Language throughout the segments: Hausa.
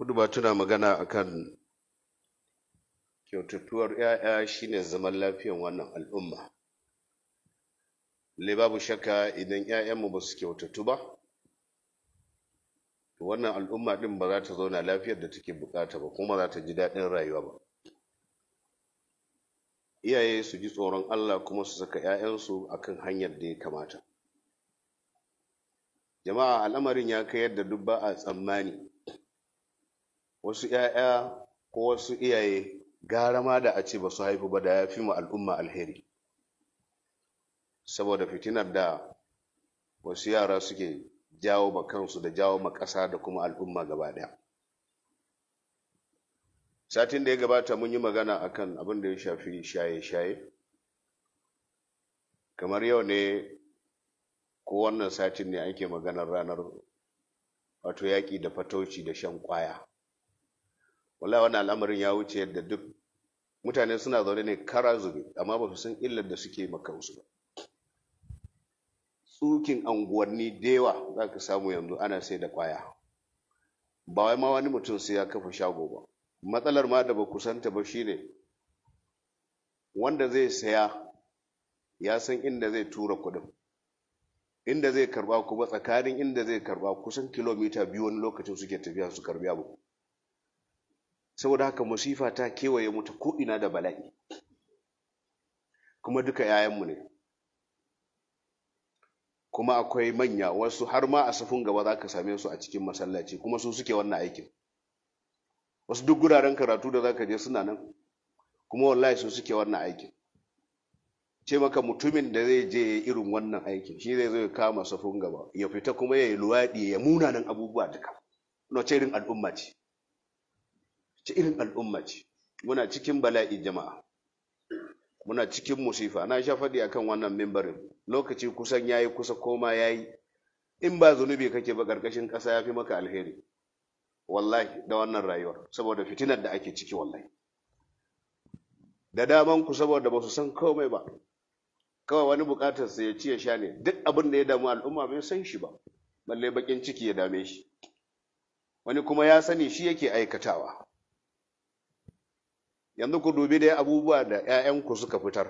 Kudu ba tuna magana akan kyautattuwar ‘ya'ya shine zaman lafiyan wannan al'umma. Lai babu shakka idan ‘ya'yanmu ba su kyautattu ba, wannan al'umma ɗin ba za ta zauna lafiyar da take bukata ba kuma za ta ji daɗin rayuwa ba. Iyaye su ji tsoron Allah kuma su saka ‘ya'yansu akan hanyar da ya kamata. Jama'a al'amarin ya kai yadda duk ba a tsammani. wasu ‘ya'ya ko wasu iyaye gara ma da a ce ba su haifu ba da ya fi mu al'umma alheri saboda fitinar da wasu yara suke jawo ma kansu da jawo ma ƙasa da kuma al'umma gaba ɗaya satin da ya gabata mun yi magana akan abin da ya shafi shaye-shaye kamar yau ne ko wannan satin ne ake maganar ranar wato yaƙi da fatauci da shan kwaya. wallahi wannan al'amarin ya wuce yadda duk mutane suna zaune ne kara zube amma ba su san illar da suke maka wasu ba tsukin anguwanni da yawa za ka samu yanzu ana sai da kwaya ba wai ma wani mutum sai ya kafa shago ba matsalar ma da ba kusanta ba shine wanda zai saya ya san inda zai tura kuɗin inda zai karba kuma tsakanin inda zai karba kusan kilomita biyu wani lokacin suke tafiya su karbi abu saboda haka masifa ta kewaye mu ta ko'ina da bala'i kuma duka yayanmu ne kuma akwai manya wasu har ma a safin gaba za ka same su a cikin masallaci kuma su suke wannan aikin wasu duk guraren karatu da za ka je suna nan kuma wallahi su suke wannan aikin ce maka mutumin da zai je irin wannan aikin shi zai zai kama safin gaba ya fita kuma ya yi luwaɗi ya munanan abubuwa duka na ce al'umma ce ci irin al'umma ce muna cikin bala'i jama'a muna cikin musifa na sha faɗi akan wannan mimbarin lokaci kusan yayi kusa koma yayi in ba zunubi kake ba ƙarƙashin ƙasa ya fi maka alheri wallahi da wannan rayuwar saboda fitinar da ake ciki wallahi da daman ku saboda ba su san komai ba kawai wani bukatar sa ya ci ya sha ne duk abin da ya damu al'umma bai san shi ba balle bakin ciki ya dame shi wani kuma ya sani shi yake aikatawa yanzu ku dubi dai abubuwa da 'ya'yanku suka fitar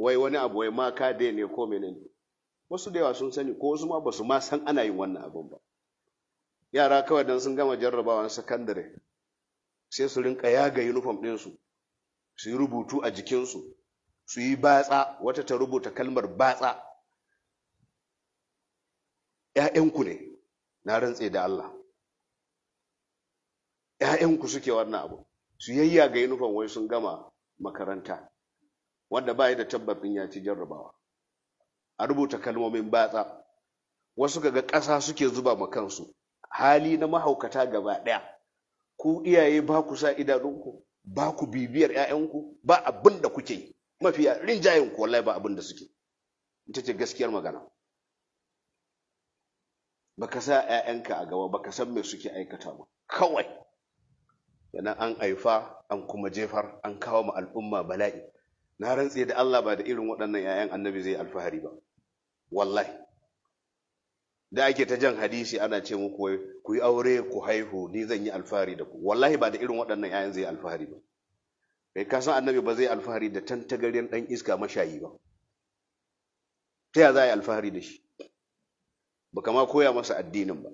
wai wani abu wai maka dai ne ko menene wasu da yawa sun sani ko wasu ma basu ma san ana yin wannan abun ba yara kawai dan sun gama jarrabawan sakandare sai su rinka yaga uniform ɗinsu su yi rubutu a jikinsu su yi batsa wata ta rubuta kalmar batsa ‘ya'yanku ne na rantse da Allah ‘ya'yanku suke wannan abu su yayya ga yunifon wai sun gama makaranta wanda ba da tabbabin ya ci jarrabawa a rubuta kalmomin batsa wasu ga ƙasa suke zuba ma kansu hali na mahaukata gaba ɗaya ku iyaye ba ku sa idanunku ba ku bibiyar 'ya'yanku ba abin da kuke yi mafiya rinjayen ku wallahi ba abin da suke ita ce gaskiyar magana baka sa 'ya'yanka a gaba baka san me suke aikata ba kawai yana an haifa an kuma jefar an kawo ma al'umma bala'i na rantse da Allah ba da irin waɗannan 'ya'yan annabi zai alfahari ba wallahi da ake ta jan hadisi ana ce muku ku yi aure ku haihu ni zan yi alfahari da ku wallahi ba da irin waɗannan 'ya'yan zai alfahari ba kai ka san annabi ba zai alfahari da tantagaryen dan iska mashayi ba ta ya za a yi alfahari da shi ba kama koya masa addinin ba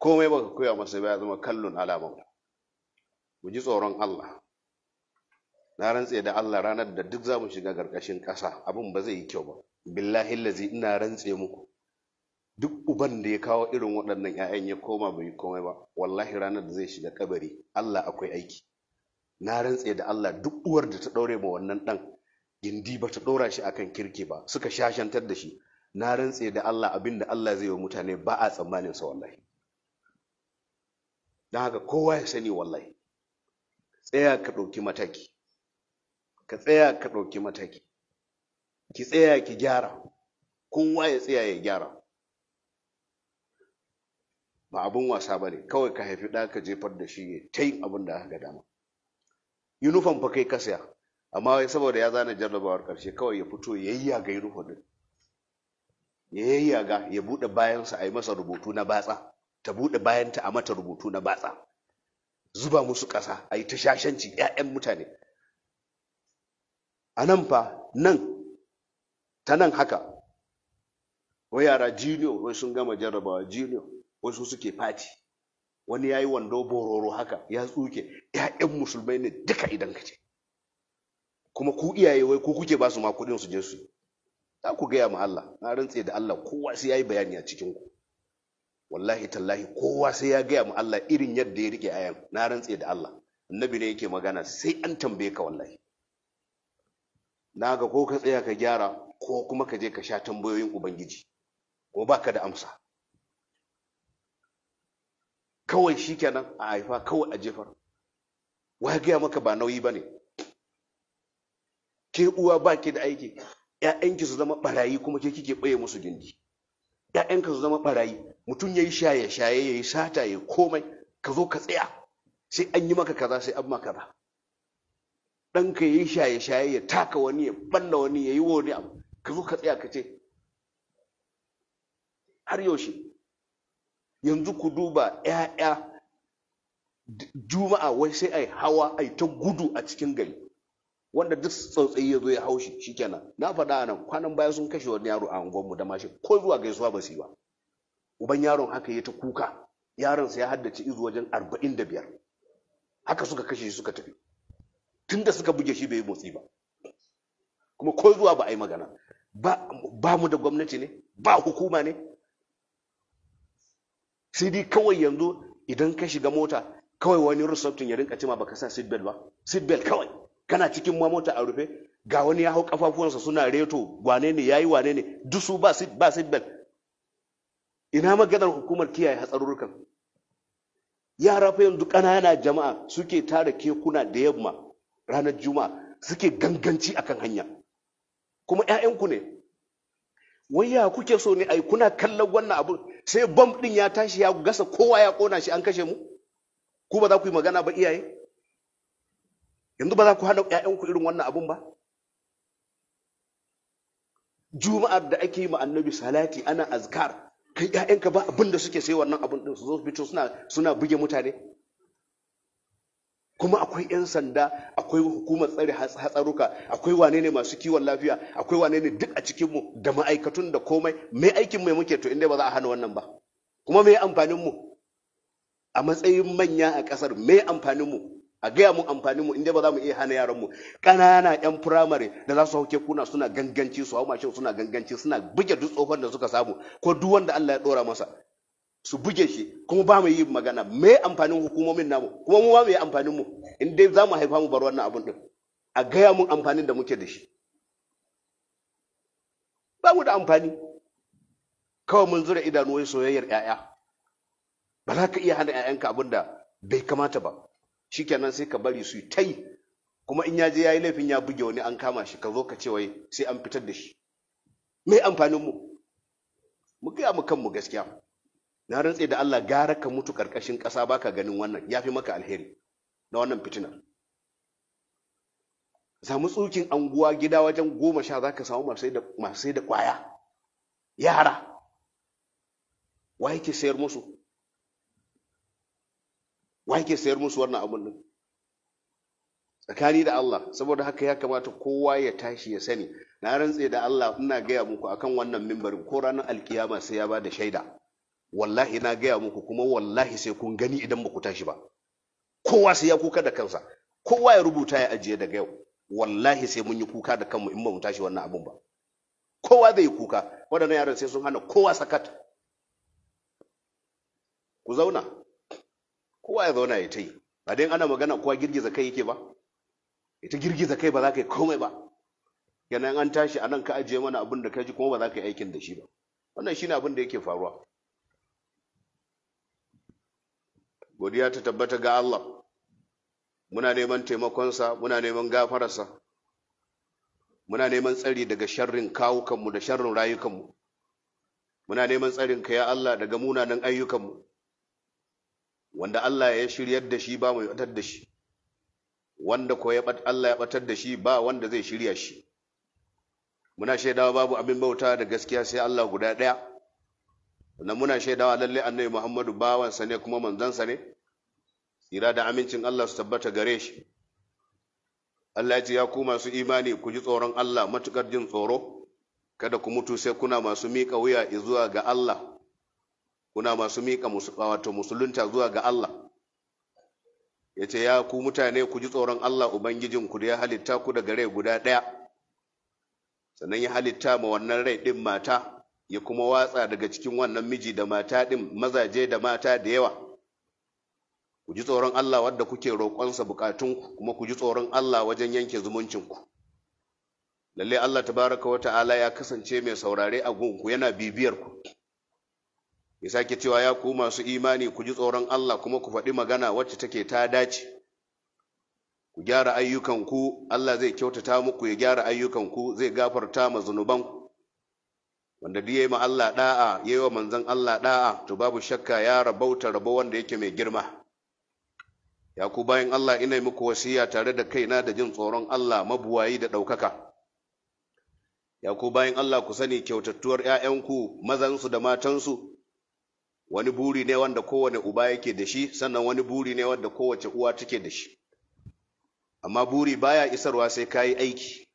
komai baka koya masa ba ya zama kallon alamauta Mu ji tsoron Allah na rantse da Allah ranar da duk za mu shiga ƙarƙashin ƙasa abin ba zai yi kyau ba billahi lazi ina rantse muku duk uban da ya kawo irin waɗannan 'ya'yan ya koma bai komai ba wallahi ranar da zai shiga kabari Allah akwai aiki na rantse da Allah duk uwar da ta ɗaure ma wannan ɗan gindi ba ta ɗora shi akan kirki ba suka shashantar da shi na rantse da Allah abin da Allah zai yi wa mutane ba a tsammanin sa wallahi don haka kowa ya sani wallahi tsaya ka ɗauki mataki ka tsaya ka ɗauki mataki ki tsaya ki gyara kowa ya tsaya ya gyara ba abin wasa ba ne kawai ka haifi ɗa ka jefar da shi ya ta yin abin da aka ga dama yunifom fa kai ka saya amma wai saboda ya zana jarrabawar ƙarshe kawai ya fito ya yayyaga yunifom ɗin ya yayyaga ya buɗe bayansa a yi masa rubutu na batsa ta buɗe bayanta a mata rubutu na batsa zuba musu ƙasa a yi ta shashanci 'ya'yan mutane a nan fa nan ta nan haka wai yara junior wai sun gama jarrabawa junior wasu suke fati wani ya yi wando bororo haka ya tsuke 'ya'yan musulmai ne duka idan ka ce kuma ku iyaye wai ku kuke ba su ma kuɗin su je su za ku gaya ma Allah na rantse da Allah kowa sai ya yi bayani a cikin ku wallahi tallahi kowa sai ya gaya mu Allah irin yadda ya rike ayan na rantse da Allah annabi ne yake magana sai an tambaye ka wallahi naga ko ka tsaya ka gyara ko kuma ka je ka sha tambayoyin ubangiji ko baka da amsa kawai shikenan a haifa kawai a jefar wa gaya maka ba nauyi bane ke uwa baki da aiki 'ya'yanki su zama barayi kuma ke kike baye musu gindi 'ya'yanka su zama barayi mutum ya yi shaye shaye ya yi sata ya komai ka zo ka tsaya sai an yi maka kaza sai an maka kaza ɗanka ya yi shaye shaye ya taka wani ya balla wani ya yi wani abu ka zo ka tsaya ka ce har yaushe yanzu ku duba 'ya'ya juma'a wai sai ai hawa ai ta gudu a cikin gari wanda duk tsautsayi ya zo ya haushi kenan, na faɗa nan kwanan baya sun kashe wani yaro a unguwarmu da mashin ko zuwa gaisuwa ba su yi ba uban yaron haka ya ta kuka yaron sa ya haddace izu wajen arba'in da biyar haka suka kashe shi suka tafi tunda suka buge shi bai yi motsi ba kuma ko zuwa ba a yi magana ba mu da gwamnati ne ba hukuma ne sai dai kawai yanzu idan ka shiga mota kawai wani rusaftin ya rinka cima baka sa seatbelt ba seatbelt kawai kana cikin mamota a rufe ga wani ya hau kafafuwansa suna reto wane ne yayi wane ne duk ba sit ba ina maganar hukumar kiyaye hatsarurukan yara fa yanzu kanana jama'a suke tara kekuna da yamma ranar juma'a suke ganganci akan hanya kuma 'ya'yanku ne wai ya kuke so ne ai kuna kallon wannan abu? sai bam din ya tashi ya gasa kowa ya kona shi an kashe mu ku ba za ku yi magana ba iyaye yanzu ba za ku hana ku irin wannan abun ba juma'ar da ake yi ma annabi salati ana azkar kai ƴaƴanka ba abin da suke sai wannan abun din su zo fito suna suna buge mutane kuma akwai 'yan sanda akwai hukumar tsare hatsaruka akwai wane ne masu kiwon lafiya akwai wane ne duk a cikinmu da ma'aikatun da komai mai aikin mai muke to inda ba za a hana wannan ba kuma mai amfaninmu a matsayin manya a ƙasar mai amfaninmu a gaya mu amfani mu inda ba za mu iya hana yaran mu ƙanana yan firamare da za su hauke kuna suna ganganci su hau mashin suna ganganci suna buge duk tsohon da suka samu ko duk wanda Allah ya dora masa su buge shi kuma ba mu yi magana me amfanin hukumomin namu kuma mu ba mu yi amfanin mu in dai za mu haifa mu bar wannan abun din a gaya mun amfanin da muke da shi ba mu da amfani kawai mun zura idanu wai soyayyar 'ya'ya ba za ka iya hana 'ya'yanka abin da bai kamata ba shikenan sai ka bari su ta yi kuma in ya je ya laifin ya buge wani an kama shi ka zo ka ce wai sai an fitar da shi me amfanin mu mu gaya mu kanmu gaskiya na rantse da Allah gara ka mutu karkashin ƙasa baka ganin wannan yafi maka alheri na wannan fitinar samu tsukin anguwa gida wajen goma sha za ka samu masu sai da kwaya yara wa yake sayar musu wa yake sayar musu wannan abun nan tsakani da Allah saboda haka ya kamata kowa ya tashi ya sani na rantse da Allah ina gaya muku akan wannan mimbarin ko ranar alkiyama sai ya bada shaida wallahi na gaya muku kuma wallahi sai kun gani idan ba ku tashi ba kowa sai ya kuka da kansa kowa ya rubuta ya ajiye daga yau wallahi sai mun yi kuka da kanmu in ba mu tashi wannan abun ba kowa zai yi kuka waɗannan yaran sai sun hana kowa sakat ku zauna kowa ya zauna ya ta yi ba dai ana magana kowa girgiza kai yake ba ita girgiza kai ba za ka yi komai ba yana an tashi a nan ka ajiye mana abin da ka ji kuma ba za ka yi aikin da shi ba wannan shine abin da yake faruwa godiya ta tabbata ga Allah muna neman taimakonsa muna neman gafararsa muna neman tsari daga sharrin kawukanmu da sharrin rayukanmu muna neman tsarin ka ya Allah daga munanan ayyukanmu wanda Allah ya shiryar da shi ba mai batar da shi wanda ko Allah ya batar da shi ba wanda zai shirya shi muna shaidawa babu abin bauta da gaskiya sai Allah guda ɗaya sannan muna shaidawa lalle annabi Muhammadu bawansa ne kuma manzansa ne tsira da amincin Allah su tabbata gare shi Allah ya ce ya ku masu imani ku ji tsoron Allah matukar jin tsoro kada ku mutu sai kuna masu miƙa wuya zuwa ga Allah kuna masu miƙa wato musulunta zuwa ga Allah ya ce ya ku mutane ku ji tsoron Allah Ubangijinku da ya halitta ku daga rai guda ɗaya sannan ya halitta ma wannan rai ɗin mata ya kuma watsa daga cikin wannan miji da mata ɗin mazaje da mata da yawa ku ji tsoron Allah wadda kuke roƙonsa buƙatunku kuma ku ji tsoron Allah wajen yanke zumuncinku lalle Allah tabaraka wa ta'ala ya kasance mai saurare a gunku yana bibiyar ku ya sake cewa ya ku masu imani ku ji tsoron Allah kuma ku faɗi magana wacce take ta dace ku gyara ayyukanku Allah zai kyautata muku ya gyara ayyukanku zai gafarta ma zunubanku wanda duk yayi ma Allah da'a yayi wa manzon Allah da'a to babu shakka ya rabauta rabo wanda yake mai girma ya ku bayan Allah ina muku wasiya tare da kaina da jin tsoron Allah mabuwayi da ɗaukaka ya ku bayan Allah ku sani kyautattuwar ‘ya'yanku su, da matan su. wani buri ne wanda kowane uba yake da shi sannan wani buri ne wanda kowace uwa take da shi amma buri baya isarwa sai kayi aiki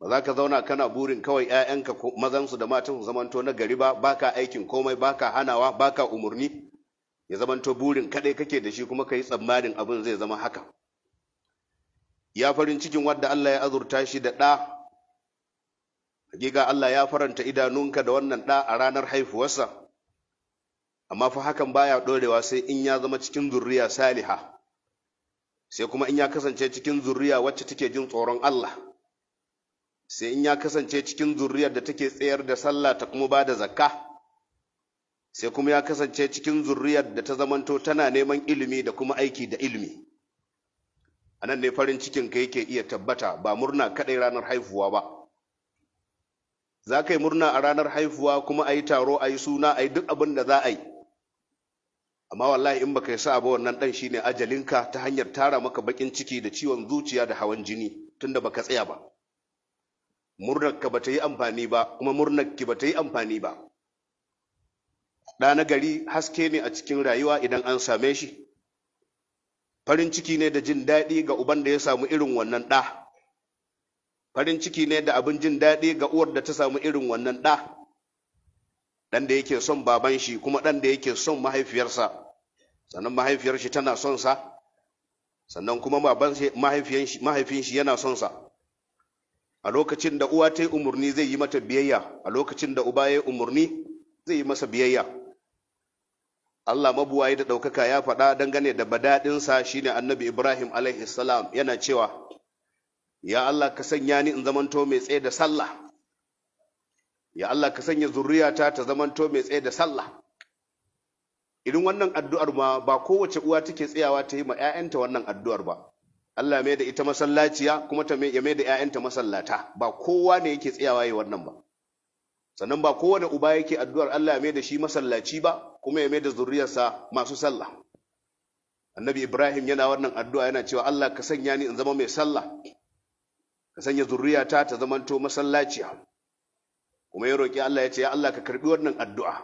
ba za ka zauna kana burin kawai 'ya'yanka mazansu da matan su zamanto na gari ba baka aikin komai baka hanawa baka umurni ya zamanto burin kadai kake da shi kuma ka yi tsammanin abin zai zama haka ya farin cikin wadda Allah ya azurta shi da ɗa hakika Allah ya faranta idanunka da wannan ɗa a ranar haifuwarsa amma fa hakan baya ɗorewa sai in ya zama cikin zurriya saliha sai kuma in ya kasance cikin zurriya wacce take jin tsoron Allah sai in ya kasance cikin zurriyar da take tsayar da sallah ta kuma ba da zakka sai kuma ya kasance cikin zurriyar da ta zamanto tana neman ilimi da kuma aiki da ilimi a nan ne farin cikin ka yake iya tabbata ba murna kaɗai ranar haifuwa ba za ka yi murna a ranar haifuwa kuma a yi taro a yi suna a yi duk abin da za a yi amma wallahi in baka yi sa abu wannan dan shine ajalinka ta hanyar tara maka bakin ciki da ciwon zuciya da hawan jini tunda baka tsaya ba murnar ka bata yi amfani ba kuma murnar ki bata yi amfani ba ɗa gari haske ne a cikin rayuwa idan an same shi farin ciki ne da jin daɗi ga uban da ya samu irin wannan ɗa farin ciki ne da abin jin daɗi ga uwar da ta samu irin wannan ɗa ɗan da yake son baban shi kuma ɗan da yake son mahaifiyarsa sannan mahaifiyar shi tana son sa sannan kuma mahaifin shi yana son sa a lokacin da uwa ta yi umarni zai yi mata biyayya a lokacin da uba ya yi umarni zai yi masa biyayya Allah mabuwayi da ɗaukaka ya faɗa dangane da badaɗinsa shine annabi Ibrahim alaihi salam yana cewa ya Allah ka sanya ni in zamanto mai tsaye da sallah ya Allah ka sanya zurriyata ta zamanto mai tsaye da sallah Idan wannan addu'ar ma ba kowace uwa take tsayawa ta yi ma 'ya'yanta wannan addu'ar ba Allah mai da ita masallaciya kuma ta ya mai da 'ya'yanta masallata ba kowa ne yake tsayawa yi wannan ba sannan ba kowane uba yake addu'ar Allah maida mai da shi masallaci ba kuma ya mai da zurriyarsa masu sallah annabi ibrahim yana wannan addu'a yana cewa Allah ka sanya ni in zama mai sallah ka sanya zurriyata ta zamanto masallaciya kuma ya roƙi Allah ya ce ya Allah ka karbi wannan addu'a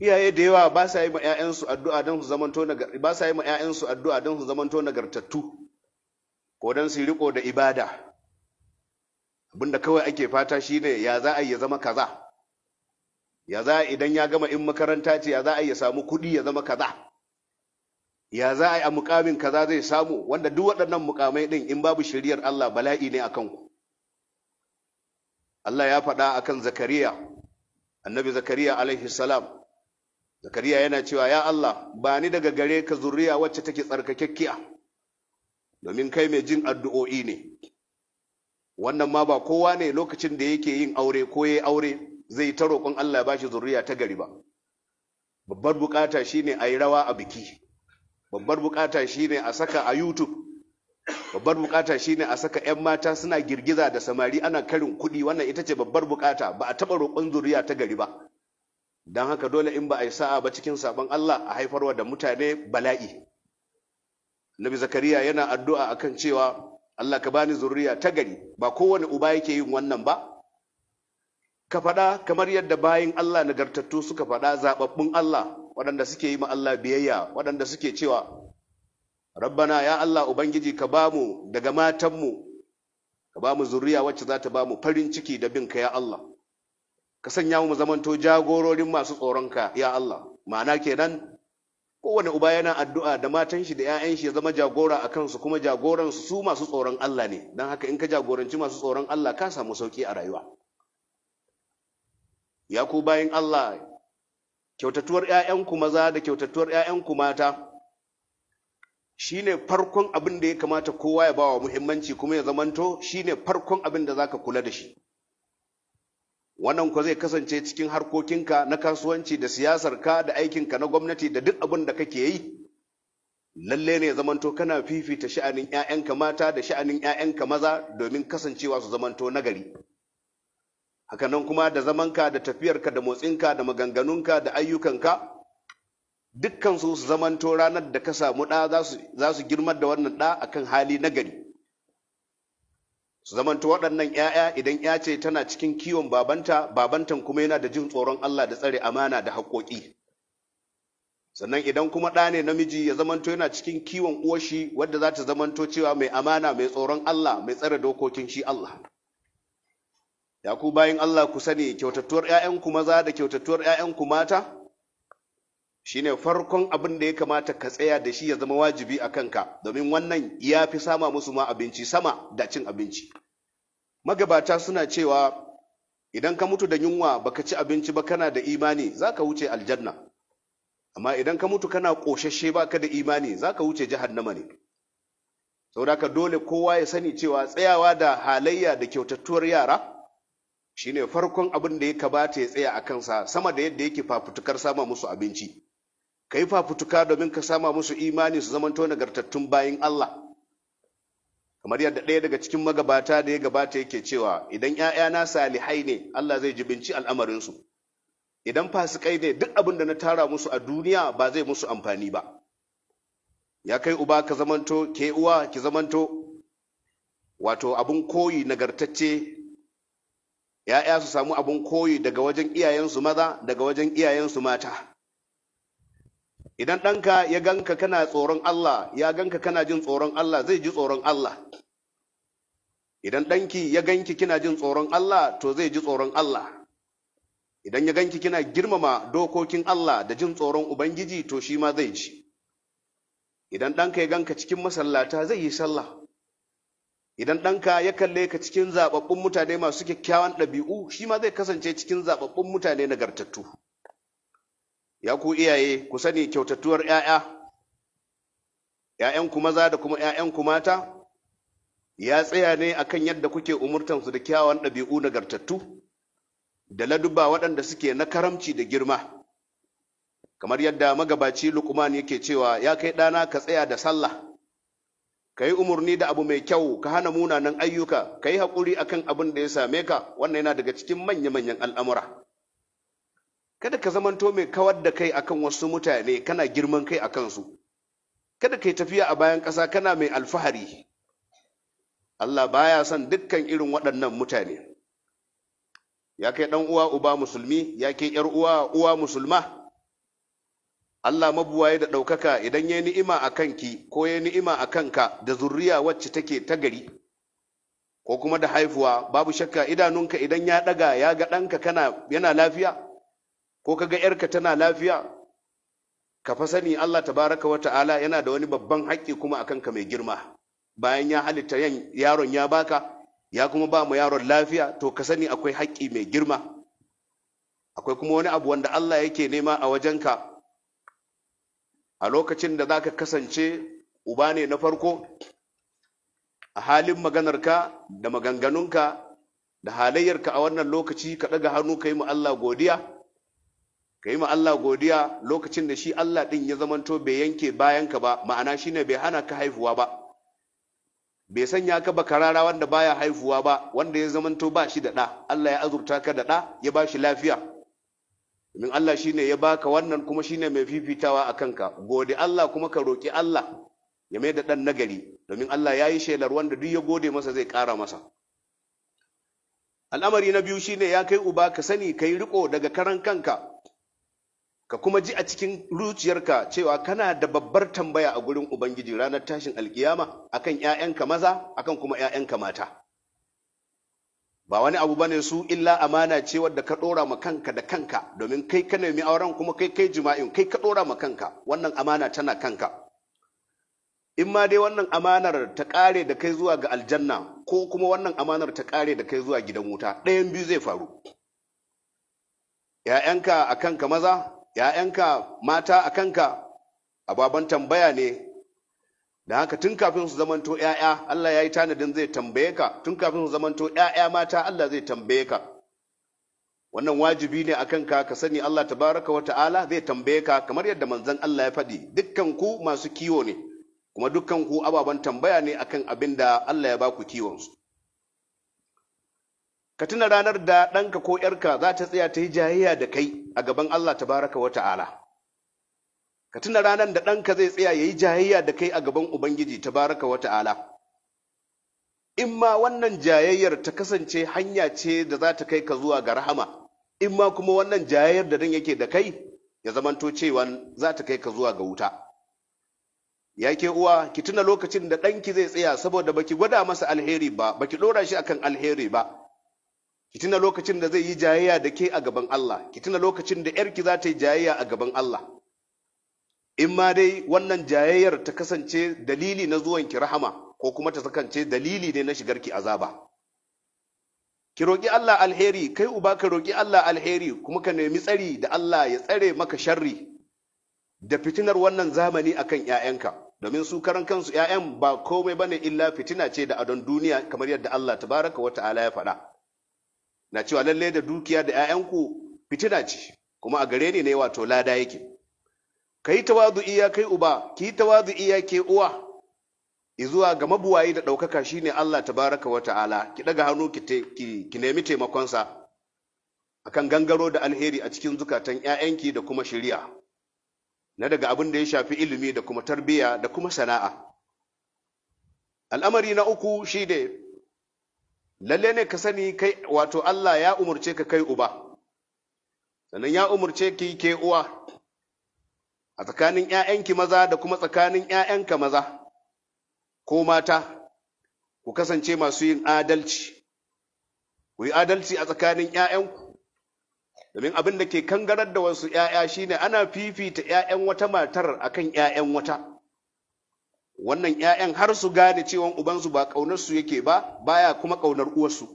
iyaye da yawa ba sa yi ma 'ya'yansu addu'a don su zamanto nagar ba sa yi ma 'ya'yansu addu'a don su zamanto nagartattu ko don su riko da ibada abinda kawai ake fata shine ya za a yi ya zama kaza ya za a idan ya gama in makaranta ce ya za a yi ya samu kuɗi ya zama kaza ya za a yi a mukamin kaza zai samu wanda duk waɗannan mukamai ɗin in babu shiriyar Allah bala'i ne a kanku Allah ya faɗa akan Zakariya annabi Zakariya alaihi salam Zakariya yana cewa ya Allah ba ni daga gare ka zuriya wacce take tsarkakekkiya domin kai mai jin addu'o'i ne wannan ma ba kowa ne lokacin da yake yin aure ko yayi aure zai ta roƙon Allah ya bashi zuriya ta gari ba babbar bukata shine a yi rawa a biki babbar bukata shine a saka a YouTube babbar bukata shine a saka 'yan mata suna girgiza da samari ana karin kuɗi wannan ita ce babbar bukata ba a taɓa roƙon zuriya ta gari ba don haka dole in ba a yi sa'a ba cikin sabon Allah a haifarwa da mutane bala'i Nabi Zakariya yana addu'a akan cewa Allah ka bani zuriya ta gari ba kowane uba yake yin wannan ba ka faɗa kamar yadda bayin Allah nagartattu suka faɗa zaɓaɓɓun Allah waɗanda suke yi ma Allah biyayya waɗanda suke cewa rabbana ya Allah ubangiji ka bamu daga matanmu ka bamu zuriya wacce za ta bamu farin ciki da bin ka ya Allah ka sanya mu zamanto jagororin masu tsoronka ya Allah ma'ana kenan kowane uba yana addu'a da matan shi da 'ya'yan shi ya zama jagora a kansu kuma jagoran su masu tsoron Allah ne don haka in ka jagoranci masu tsoron Allah ka samu sauki a rayuwa ya ku bayin Allah kyautatuwar 'ya'yanku maza da kyautatuwar 'ya'yanku mata shine farkon abin da ya kamata kowa ya bawa muhimmanci kuma ya zamanto shine farkon abin da za ka kula da shi wannan ko zai kasance cikin harkokinka na kasuwanci da siyasarka da aikinka na gwamnati da duk abin da kake yi lalle ne zamanto kana fifita sha'anin 'ya'yanka mata da sha'anin 'ya'yanka maza domin kasancewa su zamanto nagari hakanan kuma da zamanka da tafiyarka da motsinka da maganganunka da ayyukanka dukkan su zamanto ranar da ka samu ɗa za su girmar da wannan ɗa akan hali nagari su zamanto waɗannan 'ya'ya idan 'ya ce tana cikin kiwon babanta babantan kuma yana da jin tsoron Allah da tsare amana da haƙoƙi sannan idan kuma ɗa ne namiji ya zamanto yana cikin kiwon uwashi wadda za ta zamanto cewa mai amana mai tsoron Allah mai tsare dokokin shi Allah ya ku bayin Allah ku sani kyautattuwar 'ya'yanku maza da kyautattuwar 'ya'yanku mata shine farkon abin da ya kamata ka tsaya da shi ya zama wajibi a kanka domin wannan ya fi sama musu ma abinci sama da cin abinci magabata suna cewa idan ka mutu da yunwa baka ci abinci ba kana da imani za ka wuce aljanna amma idan ka mutu kana ƙoshashe ka da imani za ka wuce jahannama ne saboda ka dole kowa ya sani cewa tsayawa da halayya da kyautattuwar yara shine farkon abin da ya kamata ya tsaya a kansa sama da yadda yake fafutukar sama musu abinci ka yi fafutuka domin ka sama musu imani su zamanto nagartattun bayan Allah kamar yadda ɗaya daga cikin magabata da ya gabata yake cewa idan ‘ya'yana salihai ne Allah zai jibinci al'amarinsu idan fasikai ne duk abin da na tara musu a duniya ba zai musu amfani ba ya kai uba ka zamanto ke uwa ki zamanto wato abin koyi nagartacce ‘ya'ya su samu abin koyi daga wajen iyayensu maza daga wajen iyayensu mata idan ɗanka ya ganka kana tsoron Allah ya ganka kana jin tsoron Allah zai ji tsoron Allah idan ɗanki ya ganki kina jin tsoron Allah to zai ji tsoron Allah idan ya ganki kina girmama dokokin Allah da jin tsoron Ubangiji to shi ma zai ji idan ɗanka ya ganka cikin masallata zai yi sallah idan ɗanka ya kalle ka cikin zaɓaɓɓun mutane masu kyakkyawan ɗabi'u shi ma zai kasance cikin zaɓaɓɓun mutane nagartattu ya ku iyaye ku sani kyautattuwar 'ya'ya ‘ya'yanku maza da kuma ‘ya'yanku mata ya tsaya ne akan yadda kuke umurtansu da kyawun ɗabi'u nagartattu da laduba waɗanda suke na karamci da girma kamar yadda magabaci lukman yake cewa ya kai ɗana ka tsaya da sallah ka yi umarni da abu mai kyau ka hana munanan ayyuka ka yi haƙuri akan abin da ya same ka wannan yana daga cikin manya-manyan al'amura kada ka zamanto mai kawar da kai akan wasu mutane kana girman kai akan su kada kai tafiya a bayan ƙasa kana mai alfahari Allah baya son dukkan irin waɗannan mutane ya kai ɗan uwa uba musulmi ya kai ƴar uwa uwa musulma Allah mabuwaye da ɗaukaka idan ya ni'ima a kanki ko ya ni'ima a kanka da zurriya wacce take ta gari ko kuma da haifuwa babu shakka idanunka idan ya ɗaga ya ga ɗanka kana yana lafiya ko ka ga yarka tana lafiya ka fa sani Allah tabaraka wa ta'ala yana da wani babban haƙƙi kuma akan ka mai girma bayan ya halitta yan yaron ya baka ya kuma ba mu yaron lafiya to ka sani akwai haƙƙi mai girma akwai kuma wani abu wanda Allah yake nema a ka, a lokacin da zaka kasance uba ne na farko a halin maganarka da maganganunka da halayyarka a wannan lokaci ka ɗaga hannu ka yi mu Allah godiya ka yi ma Allah godiya lokacin da shi Allah ɗin ya zamanto bai yanke bayanka ba ma'ana shi ne bai hana ka haifuwa ba bai sanya ka ba karara wanda baya haifuwa ba wanda ya zamanto ba shi da ɗa Allah ya azurta ka da ɗa ya ba shi lafiya domin Allah shi ne ya baka wannan kuma shi ne mai fifitawa a kanka gode Allah kuma ka roƙi Allah ya mai da ɗan nagari domin Allah ya yi shelar wanda duk ya gode masa zai ƙara masa al'amari na biyu shine ya kai uba ka sani ka yi riƙo daga karan kanka ka kuma ji a cikin ruciyarka cewa kana da babbar tambaya a gurin ubangiji ranar tashin alkiyama akan 'ya'yanka maza kan kuma 'ya'yanka mata ba wani abu bane su illa amana ce wadda ka ɗora ma kanka da kanka domin kai ka nemi auren kuma kai kai jima'in kai ka ɗora ma kanka wannan amana tana kanka in ma dai wannan amanar ta kare da kai zuwa ga aljanna ko kuma wannan amanar ta kare da kai zuwa gidan wuta ɗayan biyu zai faru ‘ya'yanka a kanka maza ‘ya'yanka mata a kanka baban tambaya ne da haka tun kafin su zamanto ‘ya'ya Allah ya yi tanadin zai tambaye ka tun kafin su zamanto ‘ya'ya mata Allah zai tambaye ka wannan wajibi ne a kanka ka sani Allah tabaraka wa ta'ala zai tambaye ka kamar yadda manzon Allah ya faɗi dukkan ku masu kiwo ne kuma dukkan ku ababen tambaya ne akan abin da Allah ya ba ku kiwonsu ka tuna ranar da ɗanka ko ‘yarka za ta tsaya ta yi jayayya da kai a gaban Allah baraka wa ta'ala ka tuna ranar da ɗanka zai tsaya ya yi jayayya da kai a gaban Ubangiji Ta wa ta'ala in ma wannan jayayyar ta kasance hanya ce da za ta kai ka zuwa ga rahama in ma kuma wannan jayayyar da dan yake da kai ya zamanto cewa za ta kai ka zuwa ga wuta ya ke uwa ki tuna lokacin da ɗanki zai tsaya saboda baki gwada masa alheri ba baki ɗora shi akan alheri ba ki tuna lokacin da zai yi jayayya da ke a gaban Allah ki tuna lokacin da yarki za ta yi jayayya a gaban Allah in ma dai wannan jayayyar ta kasance dalili na zuwan ki rahama ko kuma ta kasance dalili ne na shigar ki azaba ki roƙi Allah alheri kai uba ka roƙi Allah alheri kuma ka nemi tsari da Allah ya tsare maka sharri da fitinar wannan zamani akan 'ya'yanka domin su karan kansu 'ya'yan ba komai bane illa fitina ce da adon duniya kamar yadda Allah tabaraka wa ta'ala ya faɗa na cewa lalle da dukiya da 'ya'yanku fitina ce kuma a gare ni ne wato lada yake kai tawadu iya kai uba ki tawadu iya ke uwa izuwa ga mabuwayi da ɗaukaka shine Allah Ta baraka wa ta'ala ki daga hannu ki nemi taimakonsa akan gangaro da alheri a cikin zukatan 'ya'yanki da kuma shari'a na daga abin da ya shafi ilimi da kuma tarbiyya da kuma sana'a al'amari na uku shi ne lalle ne ka sani kai wato Allah ya umurce ka kai uba sannan ya umurce ki ke uwa a tsakanin ‘ya'yanki maza da kuma tsakanin ‘ya'yanka maza ko mata ku kasance masu yin adalci ku yi adalci a tsakanin ‘ya'yanku domin abin da ke kangarar da wasu ‘ya'ya shine ana fifita ‘ya'yan wata matar akan ‘ya'yan wata wannan 'ya'yan har su gane cewa ubansu ba ƙaunarsu yake ba baya kuma ƙaunar uwarsu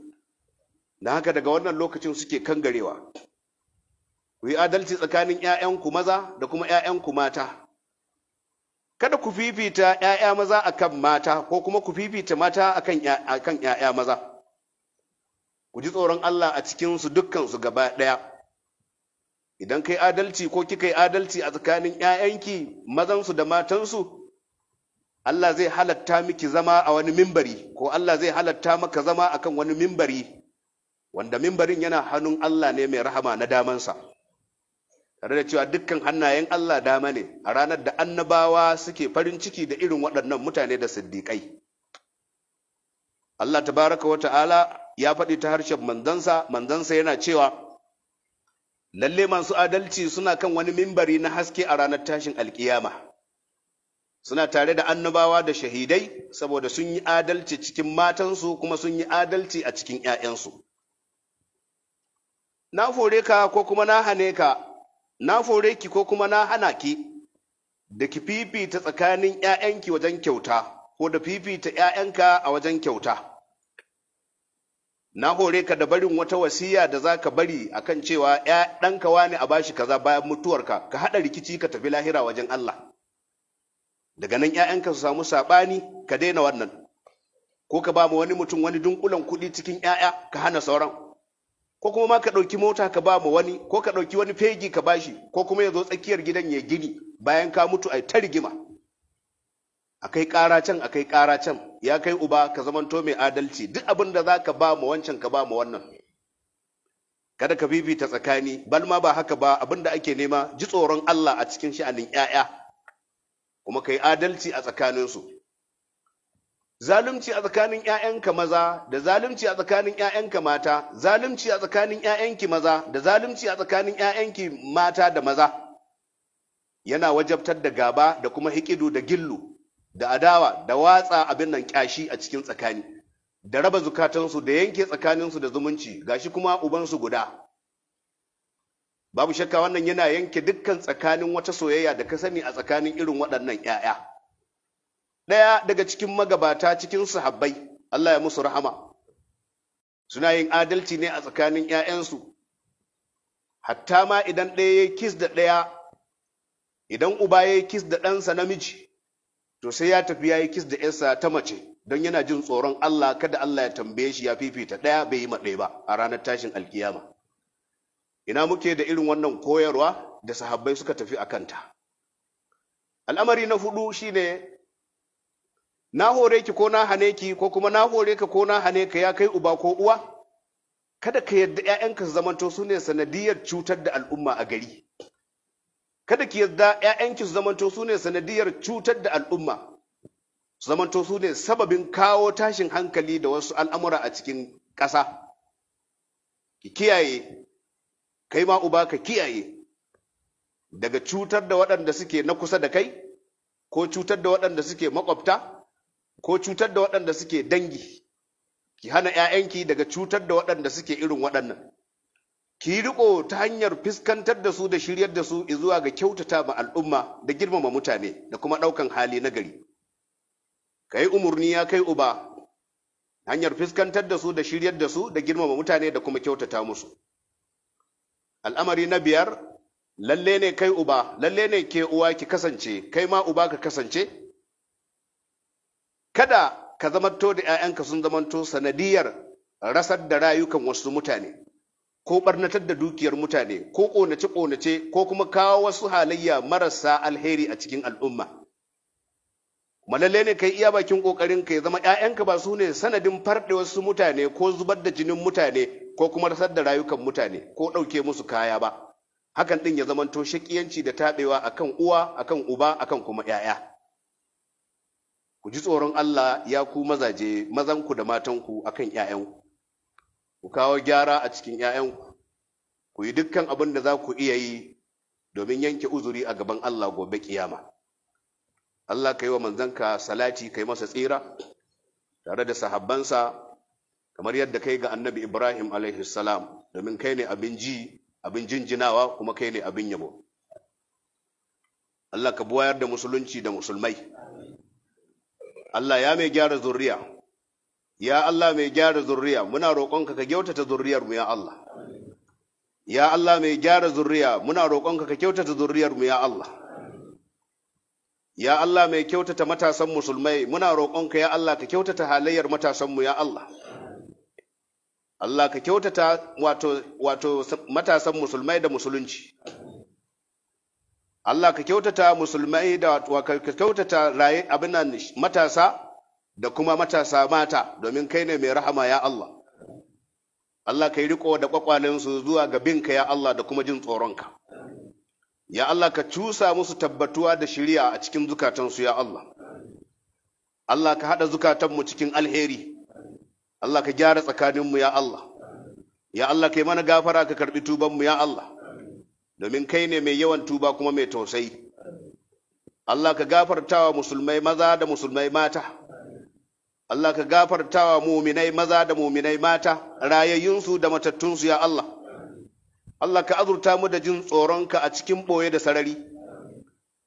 Na haka daga wannan lokacin suke kangarewa garewa adalci tsakanin 'ya'yanku maza da kuma 'ya'yanku mata kada ku fifita 'ya'ya maza a kan mata ko kuma ku fifita mata a kan 'ya'ya maza ku ji tsoron Allah a cikinsu dukkansu gaba ɗaya idan kai adalci ko kika yi adalci a tsakanin 'ya'yanki mazansu da matansu Allah zai halatta miki zama a wani mimbari ko Allah zai halatta maka zama akan wani mimbari wanda mimbarin yana hannun Allah ne mai rahama na damansa tare da cewa dukkan hannayen Allah dama ne a ranar da annabawa suke farin ciki da irin waɗannan mutane da siddiƙai Allah tabaraka baraka ta'ala ya faɗi ta harshen manzansa manzansa yana cewa lalle masu adalci suna kan wani mimbari na haske a ranar tashin alkiyama suna tare da annabawa da shahidai saboda sun yi adalci cikin matansu kuma sun yi adalci a cikin 'ya'yansu na fore ka ko kuma na hane ka na fore ki ko kuma na hana ki da ki fifita tsakanin 'ya'yanki wajen kyauta ko da fifita 'ya'yanka a wajen kyauta na hore ka da barin wata wasiya da za ka bari a kan cewa ɗanka wani a bashi kaza bayan mutuwarka ka haɗa rikici ka tafi lahira wajen Allah daga nan 'ya'yanka su samu saɓani ka daina wannan ko ka ba mu wani mutum wani dunkulan kuɗi cikin 'ya'ya ka hana sauran ko kuma ma ka ɗauki mota ka ba mu wani ko ka ɗauki wani fegi ka bashi ko kuma ya zo tsakiyar gidan ya gini bayan ka mutu ai ta rigima akai ƙara can akai ƙara can ya kai uba ka zamanto mai adalci duk abin da za ka ba mu wancan ka ba mu wannan kada ka bibita tsakani bal ma ba haka ba abin da ake nema ji tsoron Allah a cikin sha'anin 'ya'ya kuma kai adalci a tsakaninsu zalunci a tsakanin 'ya'yanka maza da zalunci a tsakanin 'ya'yanka mata zalunci a tsakanin 'ya'yanki maza da zalunci a tsakanin 'ya'yanki mata da maza yana wajabtar da gaba da kuma hikidu da gillu da adawa da watsa abin nan kyashi a cikin tsakani da raba zukatansu da yanke tsakaninsu da zumunci gashi kuma ubansu guda babu shakka wannan yana yanke dukkan tsakanin wata soyayya da ka sani a tsakanin irin waɗannan 'ya'ya ɗaya daga cikin magabata cikin sahabbai Allah ya musu rahama suna yin adalci ne a tsakanin 'ya'yansu hatta ma idan ɗaya ya kis da ɗaya idan uba ya kis da ɗansa namiji to sai ya tafi ya yi kis da ‘yarsa ta mace don yana jin tsoron Allah kada Allah ya tambaye shi ya fifita ɗaya bai yi ɗaya ba a ranar tashin alkiyama. ina muke da irin wannan koyarwa da sahabbai suka tafi a kanta al'amari na hudu shine na hore ki ko na hane ki ko kuma na hore ka ko na hane ka ya kai uba ko uwa kada ka yadda 'ya'yanka su zamanto su ne sanadiyar cutar da al'umma a gari kada ki yadda 'ya'yanki su zamanto su ne sanadiyar cutar da al'umma su zamanto su ne sababin kawo tashin hankali da wasu al'amura a cikin ƙasa ki kiyaye kai ma uba ka kiyaye daga cutar da waɗanda suke na kusa da kai ko cutar da waɗanda suke makwabta ko cutar da waɗanda suke dangi ki hana 'ya'yanki daga cutar da waɗanda suke irin waɗannan ki riko ta hanyar fuskantar da su da shiryar da su zuwa ga kyautata ma al'umma da girmama mutane da kuma ɗaukan hali na gari ka yi umarni ya kai uba hanyar fuskantar da su da shiryar da su da girmama mutane da kuma kyautata musu al'amari na biyar lalle ne kai uba lalle ne ke uwa ki kasance kai ma uba ka kasance kada ka zamanto da 'ya'yanka sun zamanto sanadiyar rasar da rayukan wasu mutane ko barnatar da dukiyar mutane ko ƙonace-ƙonace ko kuma kawo wasu halayya marasa alheri a cikin al'umma malalle ne kai iya bakin kokarin ka ya zama ƴaƴanka ba su ne sanadin farɗe wasu mutane ko zubar da jinin mutane ko kuma rasar da rayukan mutane ko ɗauke musu kaya ba hakan ɗin ya zamanto shakiyanci da taɓewa akan uwa akan uba akan kuma ƴaƴa ku ji tsoron Allah ya ku mazaje mazanku da matanku akan ƴaƴanku ku kawo gyara a cikin ƴaƴanku ku yi dukkan abin da za ku iya yi domin yanke uzuri a gaban Allah gobe kiyama Allah ka yi wa manzanka salati ka yi masa tsira tare da sahabbansa kamar yadda kai ga annabi Ibrahim alaihi salam domin kai ne abin ji abin jinjinawa kuma kai ne abin yabo Allah ka buwayar da musulunci da musulmai Allah ya mai gyara zurriya ya Allah mai gyara zurriya muna roƙonka ka kyautata zurriyar mu ya Allah ya Allah mai gyara zurriya muna roƙonka ka kyautata zurriyar mu ya Allah ya Allah mai kyautata matasan musulmai muna roƙonka ya Allah ka kyautata halayyar matasanmu ya Allah Allah ka kyautata wato wato matasan musulmai da musulunci Allah ka kyautata musulmai da ka kyautata raye abin nan matasa da kuma matasa mata domin kai ne mai rahama ya Allah Allah ka yi riko da kwakwalensu zuwa ga binka ya Allah da kuma jin tsoronka ya Allah ka cusa musu tabbatuwa da shiriya a cikin zukatansu ya Allah Allah ka haɗa zukatanmu cikin alheri Allah ka gyara tsakaninmu ya Allah ya Allah kai mana gafara ka karɓi tubanmu ya Allah domin kai ne mai yawan tuba kuma mai tausayi Allah ka gafartawa musulmai maza da musulmai mata Allah ka gafartawa muminai maza da muminai mata rayayyunsu da matattunsu ya Allah Allah ka azurta mu da jin tsoronka a cikin ɓoye da sarari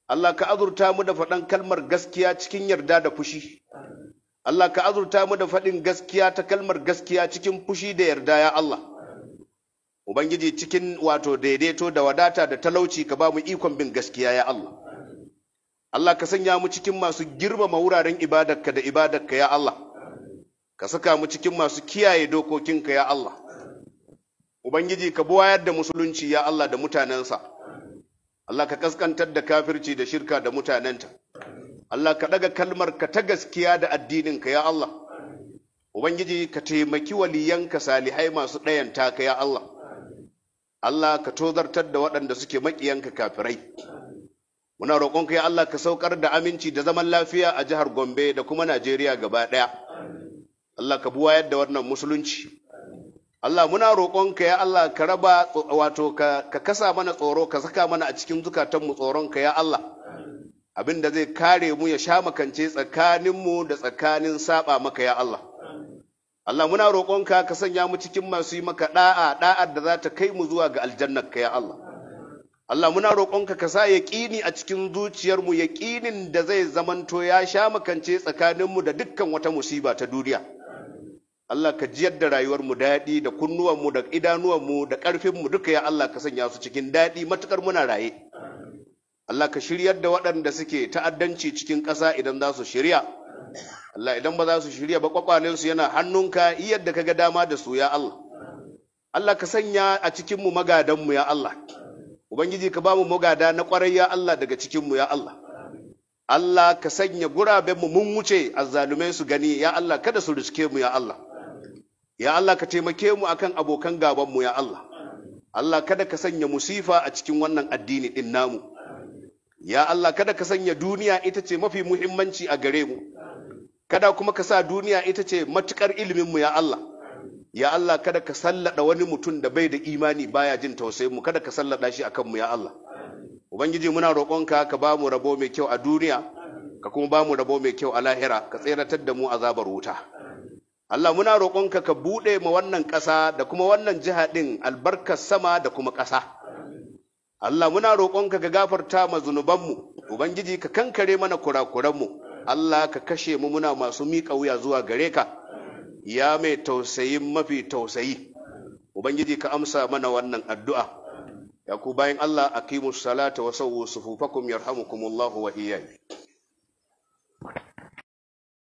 Allah ka azurta mu da faɗan kalmar gaskiya cikin yarda da fushi Allah ka azurta mu da faɗin gaskiya ta kalmar gaskiya cikin fushi da yarda ya Allah Ubangiji cikin wato daidaito da wadata da talauci ka ba mu ikon bin gaskiya ya Allah Allah ka sanya mu cikin masu girmama wuraren ibadarka da ibadarka ya Allah ka saka mu cikin masu kiyaye dokokinka ya Allah ubangiji ka buwayar da musulunci ya Allah da mutanensa Allah ka kaskantar da kafirci da shirka da mutanenta Allah ka ɗaga kalmar ka ta gaskiya da addininka ya Allah ubangiji ka taimaki waliyanka salihai masu ɗayanta ka ya Allah Allah ka tozartar da waɗanda suke maƙiyanka kafirai muna roƙonka ya Allah ka saukar da aminci da zaman lafiya a jihar Gombe da kuma Najeriya gaba ɗaya Allah ka buwayar da wannan musulunci Allah muna roƙonka ya Allah ka raba wato ka kasa mana tsoro ka saka mana a cikin zukatanmu tsoronka ya Allah abin da zai kare mu ya sha makance tsakaninmu da tsakanin saba maka ya Allah Allah muna roƙonka ka sanya mu cikin masu yi maka da'a da'ar da za ta kai mu zuwa ga ka ya Allah Allah muna roƙonka ka sa yaƙini a cikin zuciyarmu yaƙinin da zai zamanto ya sha makance tsakaninmu da dukkan wata musiba ta duniya Allah ka jiyar da rayuwar mu daɗi da kunnuwan mu da idanuwan mu da ƙarfin mu duka ya Allah ka sanya su cikin daɗi matukar muna raye Allah ka shiryar da waɗanda suke ta'addanci cikin ƙasa idan za su shirya Allah idan ba za su shirya ba kwakwalen su yana hannunka yadda ka ga dama da su ya Allah Allah ka sanya a cikin mu magadan mu ya Allah Ubangiji ka ba mu magada na ƙwarai ya Allah daga cikin mu ya Allah Allah ka sanya guraben mu mun wuce azzalumai su gani ya Allah kada su riske mu ya Allah ya Allah ka taimake mu akan abokan gaban mu ya Allah Allah kada ka sanya musifa a cikin wannan addini din namu ya Allah kada ka sanya duniya ita ce mafi muhimmanci a gare mu kada kuma ka sa duniya ita ce matukar ilimin mu ya Allah ya Allah kada ka sallada wani mutum da bai da imani baya jin tausayin mu kada ka sallada shi akan mu ya Allah ubangiji muna roƙonka ka ba mu rabo mai kyau a duniya ka kuma ba mu rabo mai kyau a lahira ka tseratar da mu azabar wuta Allah muna roƙonka ka buɗe ma wannan ƙasa da kuma wannan jiha ɗin albarkar sama da kuma ƙasa. Allah muna roƙonka ka gafarta ma zunubanmu, Ubangiji ka kankare mana kurakuranmu, Allah ka kashe mu muna masu miƙa wuya zuwa gare ka, ya mai tausayin mafi tausayi. Ubangiji ka amsa mana wannan addu'a. Ya ku bayan Allah a salata wa sufufakum yarhamukumullahu wa iyayi.